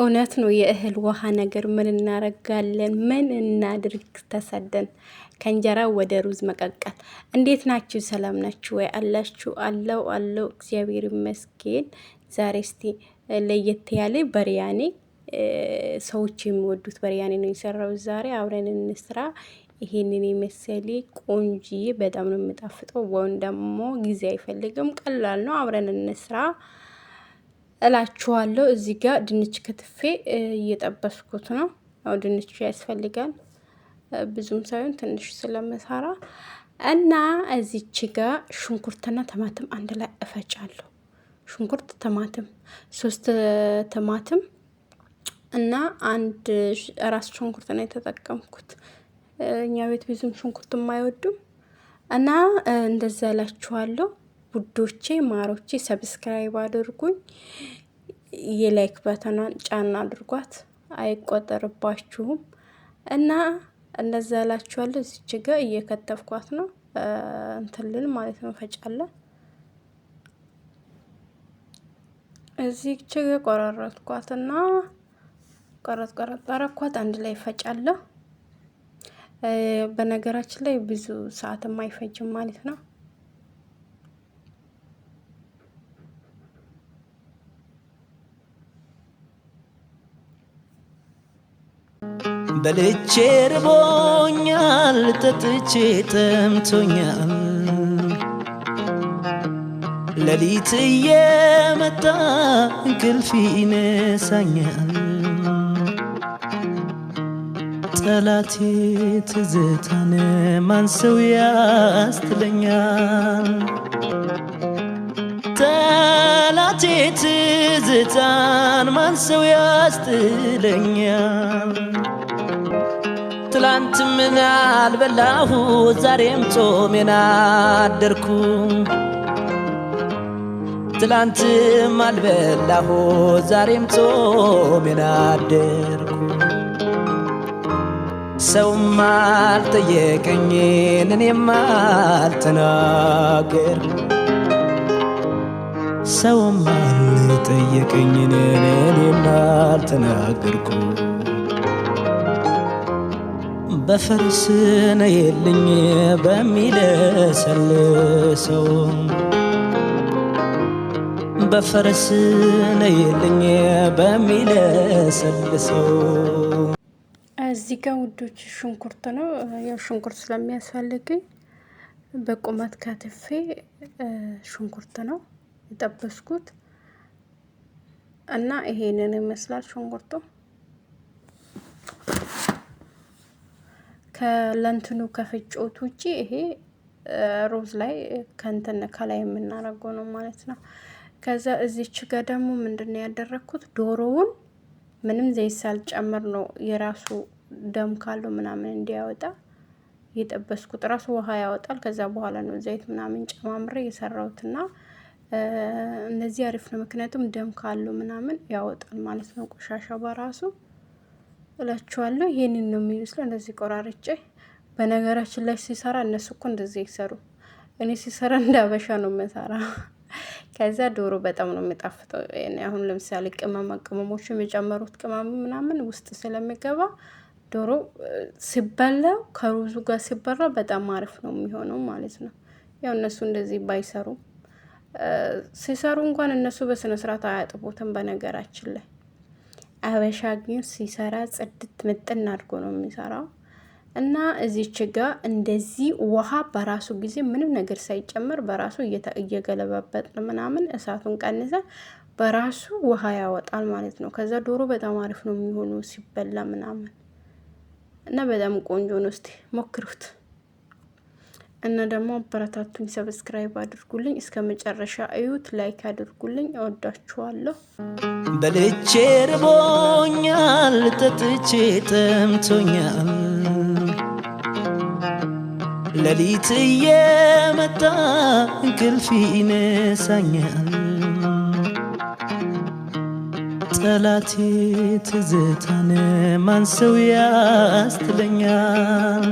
እውነት ነው። የእህል ውሃ ነገር ምን እናረጋለን? ምን እናድርግ? ተሰደን ከእንጀራ ወደ ሩዝ መቀቀል። እንዴት ናችሁ? ሰላም ናችሁ ወይ? አላችሁ? አለው አለው። እግዚአብሔር ይመስገን። ዛሬ እስቲ ለየት ያለ በርያኔ ሰዎች የሚወዱት በርያኔ ነው የሰራው። ዛሬ አብረን እንስራ። ይሄንን የመሰሌ ቆንጂ በጣም ነው የምጣፍጠው። ወይም ደግሞ ጊዜ አይፈልግም፣ ቀላል ነው። አብረን እንስራ። እላችኋለሁ። እዚህ ጋር ድንች ከትፌ እየጠበስኩት ነው። ያው ድንች ያስፈልጋል ብዙም ሳይሆን ትንሽ ስለምሰራ እና እዚች ጋር ሽንኩርትና ቲማቲም አንድ ላይ እፈጫለሁ። ሽንኩርት፣ ቲማቲም ሶስት ቲማቲም እና አንድ ራስ ሽንኩርት ነው የተጠቀምኩት። እኛ ቤት ብዙም ሽንኩርት የማይወዱም እና እንደዛ እላችኋለሁ። ውዶቼ ማሮቼ ሰብስክራይብ አድርጉኝ። የላይክ በተኗን ጫና አድርጓት። አይቆጠርባችሁም እና እንደዛ ያላችኋለ እዚች ጋ እየከተፍኳት ነው እንትልል ማለት ነው ፈጫለን። እዚች ጋ ቆረረጥኳትና ቆረጥ ቆረጥ አረኳት አንድ ላይ ፈጫለሁ። በነገራችን ላይ ብዙ ሰዓትም አይፈጅም ማለት ነው። በልቼ ርቦኛል፣ ጠጥቼ ጠምቶኛል። ሌሊት እየመጣ እንቅልፍ ይነሳኛል። ጠላቴ ትዝታን ማን ሰው ያስትለኛል? ጠላቴ ትዝታን ማን ሰው ያስትለኛል? ትላንት ምን አልበላሁ ዛሬም ጾሜን አደርኩ። ትላንትም አልበላሁ ዛሬም ጾሜን አደርኩ። ሰውም አልጠየቀኝን እኔም አልተናገርኩ። ሰውም አልጠየቀኝን እኔም አልተናገርኩ። በፈረስ ነይልኝ በሚለሰልሰው በፈረስ ነይልኝ በሚለሰልሰው እዚህ ጋር ውዶች ሽንኩርት ነው። ያው ሽንኩርት ስለሚያስፈልግኝ በቁመት ከትፌ ሽንኩርት ነው የጠበስኩት እና ይሄንን ይመስላል ሽንኩርቱ። ከለንትኑ ከፍጮት ውጪ ይሄ ሮዝ ላይ ከንትን ከላይ የምናረገው ነው ማለት ነው። ከዛ እዚች ጋር ደግሞ ምንድን ያደረግኩት ዶሮውን ምንም ዘይት ሳልጨምር ነው የራሱ ደም ካለው ምናምን እንዲያወጣ የጠበስኩት ራሱ ውሃ ያወጣል። ከዛ በኋላ ነው ዘይት ምናምን ጨማምሬ የሰራሁትና እነዚህ አሪፍ ነው። ምክንያቱም ደም ካለው ምናምን ያወጣል ማለት ነው ቆሻሻ በራሱ እላችኋለሁ። ይህንን ነው የሚመስለው። እንደዚህ ቆራርጬ በነገራችን ላይ ሲሰራ እነሱ እኮ እንደዚህ ይሰሩ፣ እኔ ሲሰራ እንዳበሻ ነው መሰራ። ከዚያ ዶሮ በጣም ነው የሚጣፍጠው። አሁን ለምሳሌ ቅመማ ቅመሞቹ የጨመሩት ቅመም ምናምን ውስጥ ስለሚገባ ዶሮ ሲበላው ከሩዙ ጋር ሲበራ በጣም አሪፍ ነው የሚሆነው ማለት ነው። ያው እነሱ እንደዚህ ባይሰሩም ሲሰሩ እንኳን እነሱ በስነስርዓት አያጥቦትም በነገራችን ላይ አበሻ ግን ሲሰራ ጽድት ምጥን አድርጎ ነው የሚሰራው እና እዚች ጋ እንደዚህ ውሃ በራሱ ጊዜ ምንም ነገር ሳይጨመር በራሱ እየገለባበጥ ምናምን እሳቱን ቀንሰ በራሱ ውሃ ያወጣል ማለት ነው። ከዛ ዶሮ በጣም አሪፍ ነው የሚሆኑ ሲበላ ምናምን እና በጣም ቆንጆ ነው። እስቲ ሞክሩት። እና ደግሞ አበረታቱኝ፣ ሰብስክራይብ አድርጉልኝ፣ እስከ መጨረሻ እዩት፣ ላይክ አድርጉልኝ። እወዳችኋለሁ። በልቼ ርቦኛል፣ ጠጥቼ ጠምቶኛል። ሌሊት እየመጣ እንቅልፍ ይነሳኛል። ጠላቴ ትዝታን ማን ሰው ያስትለኛል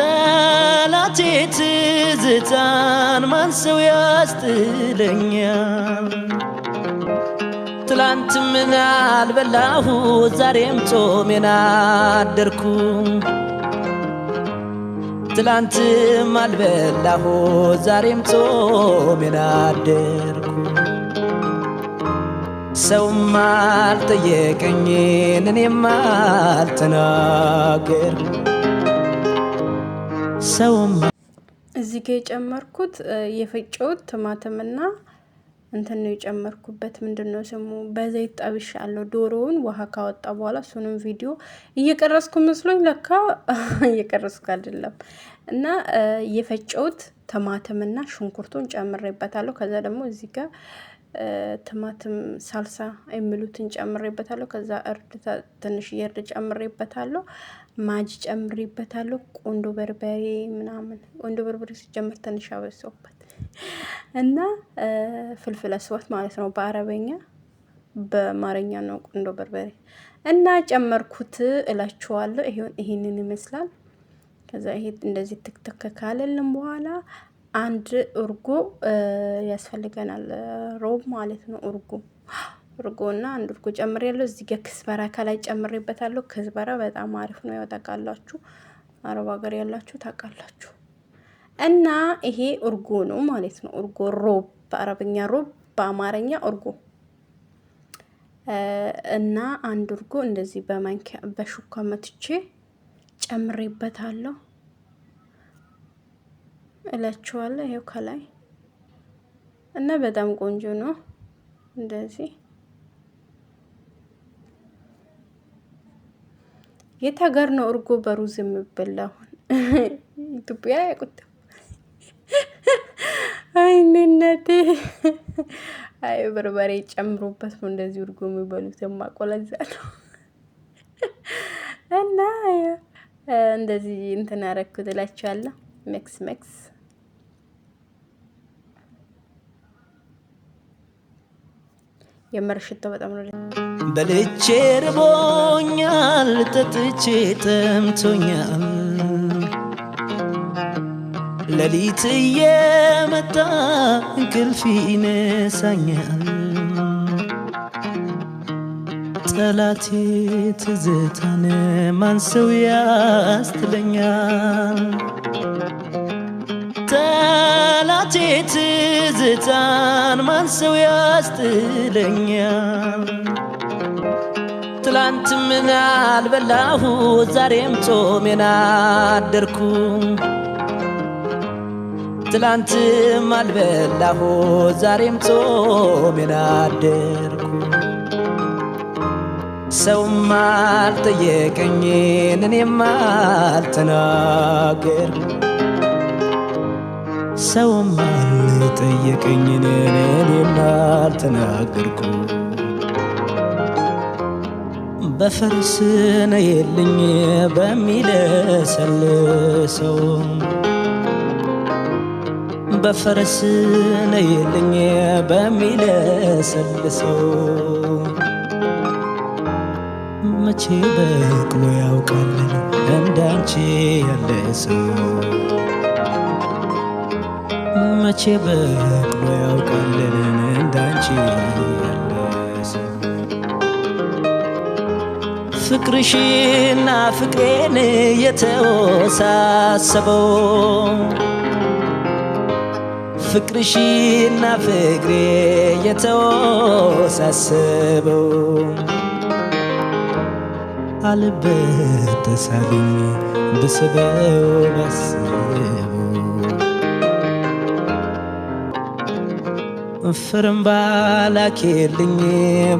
የጠላቴ ትዝታን ማን ሰው ያስጥለኛል? ትላንት ምን አልበላሁ፣ ዛሬም ጾሜን አደርኩ። ትላንትም አልበላሁ፣ ዛሬም ጾሜን አደርኩ። ሰውም አልጠየቀኝን፣ እኔም አልተናገርኩ። ሰውም እዚህ ጋ የጨመርኩት የፈጨሁት ቲማቲምና እንትን ነው የጨመርኩበት። ምንድን ነው ስሙ? በዘይት አለው ዶሮውን ውሃ ካወጣ በኋላ እሱንም ቪዲዮ እየቀረስኩ መስሎኝ ለካ እየቀረስኩ አይደለም። እና የፈጨሁት ቲማቲምና ሽንኩርቱን ጨምሬበታለሁ። ከዛ ደግሞ እዚህ ጋር ቲማቲም ሳልሳ የሚሉትን ጨምሬበታለሁ። ከዛ እርድ ትንሽ የእርድ ጨምሬበታለሁ። ማጅ ጨምሬበታለሁ። ቆንዶ በርበሬ ምናምን ቆንዶ በርበሬ ሲጨምር ትንሽ አበዛሁበት እና ፍልፍል አስዋት ማለት ነው በአረበኛ በአማርኛ ነው ቆንዶ በርበሬ እና ጨመርኩት እላችኋለሁ። ይሄንን ይመስላል። ከዛ ይሄ እንደዚህ ትክትክ ካለልን በኋላ አንድ እርጎ ያስፈልገናል። ሮብ ማለት ነው እርጎ እና አንድ እርጎ ያለው እዚህ ጋር ክዝበራ ከላይ ጨምሬበታለሁ። ክስበራ በጣም አሪፍ ነው። ያው አረብ ሀገር ያላችሁ ታውቃላችሁ። እና ይሄ እርጎ ነው ማለት ነው። እርጎ ሮብ፣ በአረብኛ ሮብ፣ በአማርኛ እርጎ እና አንድ እርጎ እንደዚህ በማንኪያ በሹካ መትቼ ጨምሬበታለሁ እላችኋለሁ። ይሄው ከላይ እና በጣም ቆንጆ ነው እንደዚህ የት ሀገር ነው እርጎ በሩዝ የምበላ? አሁን ኢትዮጵያ ያቁት። አይኔ አይ በርበሬ ጨምሮበት ነው እንደዚህ እርጎ የሚበሉት። የማቆለዛ ነው እና እንደዚህ እንትን አረኩት እላችኋለሁ። መክስ መክስ የመረሽተው በጣም ነው በልቼ ርቦኛል፣ ጠጥቼ ጠምቶኛል። ሌሊት እየመጣ እንቅልፍ ይነሳኛል። ጠላቴ ትዝታን ማን ሰው ያስትለኛል? ጠላቴ ትዝታን ማን ሰው ያስትለኛል? ትላንት ምን አልበላሁ ዛሬም ጾሜን አደርኩ። ትላንትም አልበላሁ ዛሬም ጾሜን አደርኩ። ሰውም አልጠየቀኝን እኔም አልተናገርኩ። ሰውም አልጠየቀኝን እኔም አልተናገርኩ። በፈረስ ነይልኝ በሚለሰልሰው በፈረስ ነይልኝ በሚለሰልሰው መቼ በቅሎ ያውቃልን እንዳንቺ ያለ ሰው መቼ በቅሎ ያውቃልን እንዳንቺ ያለ ፍቅርሽና ፍቅሬን የተወሳሰበው ፍቅርሽና ፍቅሬ የተወሳሰበው አለበት ብስበው ባስበው ፍርም ባላኬልኝ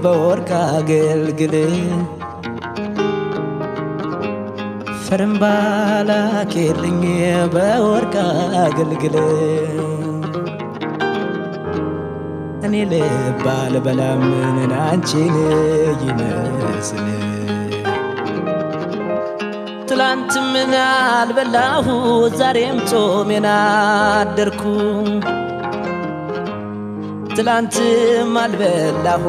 በወርቅ አገልግል አልፈርም ባላኬልኝ በወርቅ አገልግል እኔ ልባል በላምን አንቺን ይመስል ትላንት ምን አልበላሁ ዛሬም ጾሜን አደርኩ ትላንትም አልበላሁ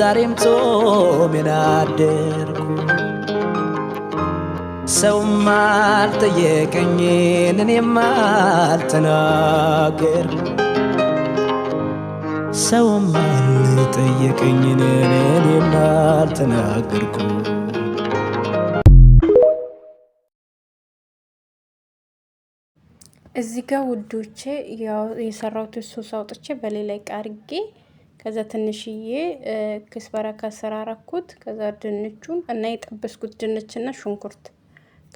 ዛሬም ጾሜን አደርኩ ሰውም አልጠየቀኝ እኔም አልተናገር ሰውም አልጠየቀኝ እኔም አልተናገርኩ እዚህ ጋር ውዶቼ የሰራሁት ሶስ አውጥቼ በሌላ ዕቃ አድርጌ ከዛ ትንሽዬ ክስበራ ከስራ አረኩት። ከዛ ድንቹን እና የጠበስኩት ድንችና ሽንኩርት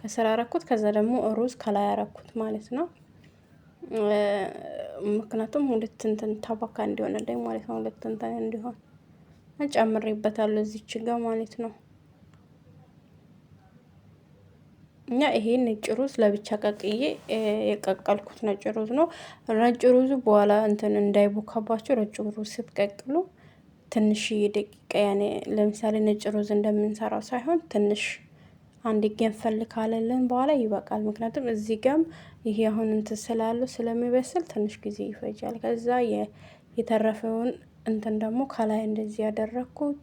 ከስር አረኩት። ከዛ ደግሞ ሩዝ ከላይ አረኩት ማለት ነው። ምክንያቱም ሁለት እንትን ታባካ እንዲሆንልኝ ማለት ነው። ሁለት እንትን እንዲሆን ጨምሬበታለሁ እዚች ጋር ማለት ነው። እኛ ይሄ ነጭ ሩዝ ለብቻ ቀቅዬ የቀቀልኩት ነጭ ሩዝ ነው። ነጭ ሩዙ በኋላ እንትን እንዳይቦካባቸው ነጭ ሩዝ ስትቀቅሉ ትንሽ ደቂቃ ያኔ ለምሳሌ ነጭ ሩዝ እንደምንሰራው ሳይሆን ትንሽ አንድ ገንፈል ካለልን በኋላ ይበቃል። ምክንያቱም እዚህ ጋም ይሄ አሁን እንትን ስላለው ስለሚበስል ትንሽ ጊዜ ይፈጃል። ከዛ የተረፈውን እንትን ደግሞ ከላይ እንደዚህ ያደረግኩት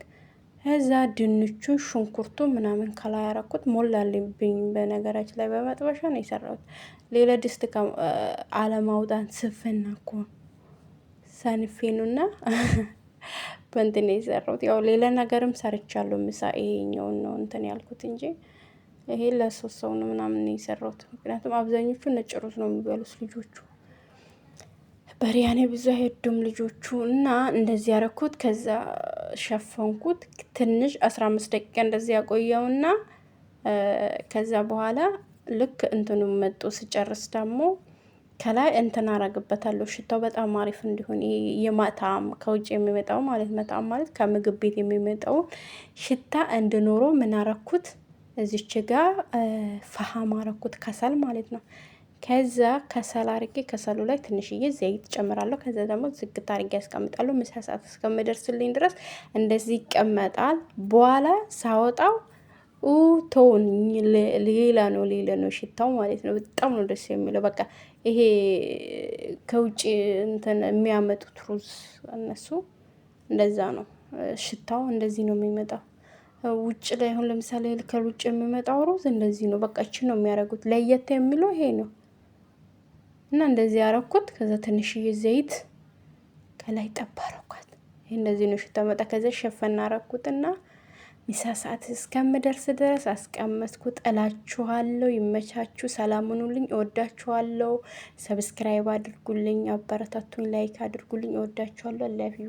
እዛ ድንቹን ሽንኩርቱ ምናምን ከላይ ያረኩት ሞላልብኝ። በነገራችን ላይ በመጥበሻ ነው የሰራሁት። ሌላ ድስት አለማውጣን ስፍና እኮ ሰንፌኑና በእንትን የሰራሁት ያው ሌላ ነገርም ሰርቻለሁ። ምሳ ይሄኛውን ነው እንትን ያልኩት እንጂ ይሄ ለሶስት ሰው ነው ምናምን የሰራሁት። ምክንያቱም አብዛኞቹ ነጭ ሩዝ ነው የሚበሉት ልጆቹ። በሪያኔ ብዙ አይወዱም ልጆቹ እና እንደዚህ ያረኩት። ከዛ ሸፈንኩት ትንሽ አስራ አምስት ደቂቃ እንደዚህ እና ከዛ በኋላ ልክ እንትኑ መጡ ስጨርስ ደግሞ ከላይ እንትን አረግበታለሁ። ሽታው በጣም አሪፍ እንዲሆን የማጣም ከውጭ የሚመጣው ማለት መጣም ማለት ከምግብ ቤት የሚመጣውን ሽታ እንድኖሮ ምን አረኩት እዚች ጋ ፈሃ ማረኩት ከሰል ማለት ነው። ከዛ ከሰል አርጌ ከሰሉ ላይ ትንሽዬ ዘይት ጨምራለሁ። ከዛ ደግሞ ዝግት አርጌ ያስቀምጣለሁ። ምሳ ሰዓት እስከምደርስልኝ ድረስ እንደዚህ ይቀመጣል። በኋላ ሳወጣው ቶን ሌላ ነው ሌላ ነው ሽታው ማለት ነው። በጣም ነው ደስ የሚለው። በቃ ይሄ ከውጭ እንትን የሚያመጡት ሩዝ እነሱ እንደዛ ነው ሽታው እንደዚህ ነው የሚመጣው። ውጭ ላይ አሁን ለምሳሌ ልከል ውጭ የሚመጣው ሮዝ እንደዚህ ነው። በቃ እቺ ነው የሚያደርጉት። ለየት የሚለው ይሄ ነው እና እንደዚህ ያረኩት። ከዛ ትንሽዬ ዘይት ከላይ ጠባረኳት። አረኳት። ይሄ እንደዚህ ነው ሽታ መጣ። ከዛ ሸፈን አረኩትና ሚሳ ሰዓት እስከምደርስ ድረስ አስቀመጥኩ። ጠላችኋለሁ። ይመቻችሁ። ሰላም ሁኑልኝ። እወዳችኋለሁ። ሰብስክራይብ አድርጉልኝ፣ አበረታቱኝ፣ ላይክ አድርጉልኝ። እወዳችኋለሁ። አላፊ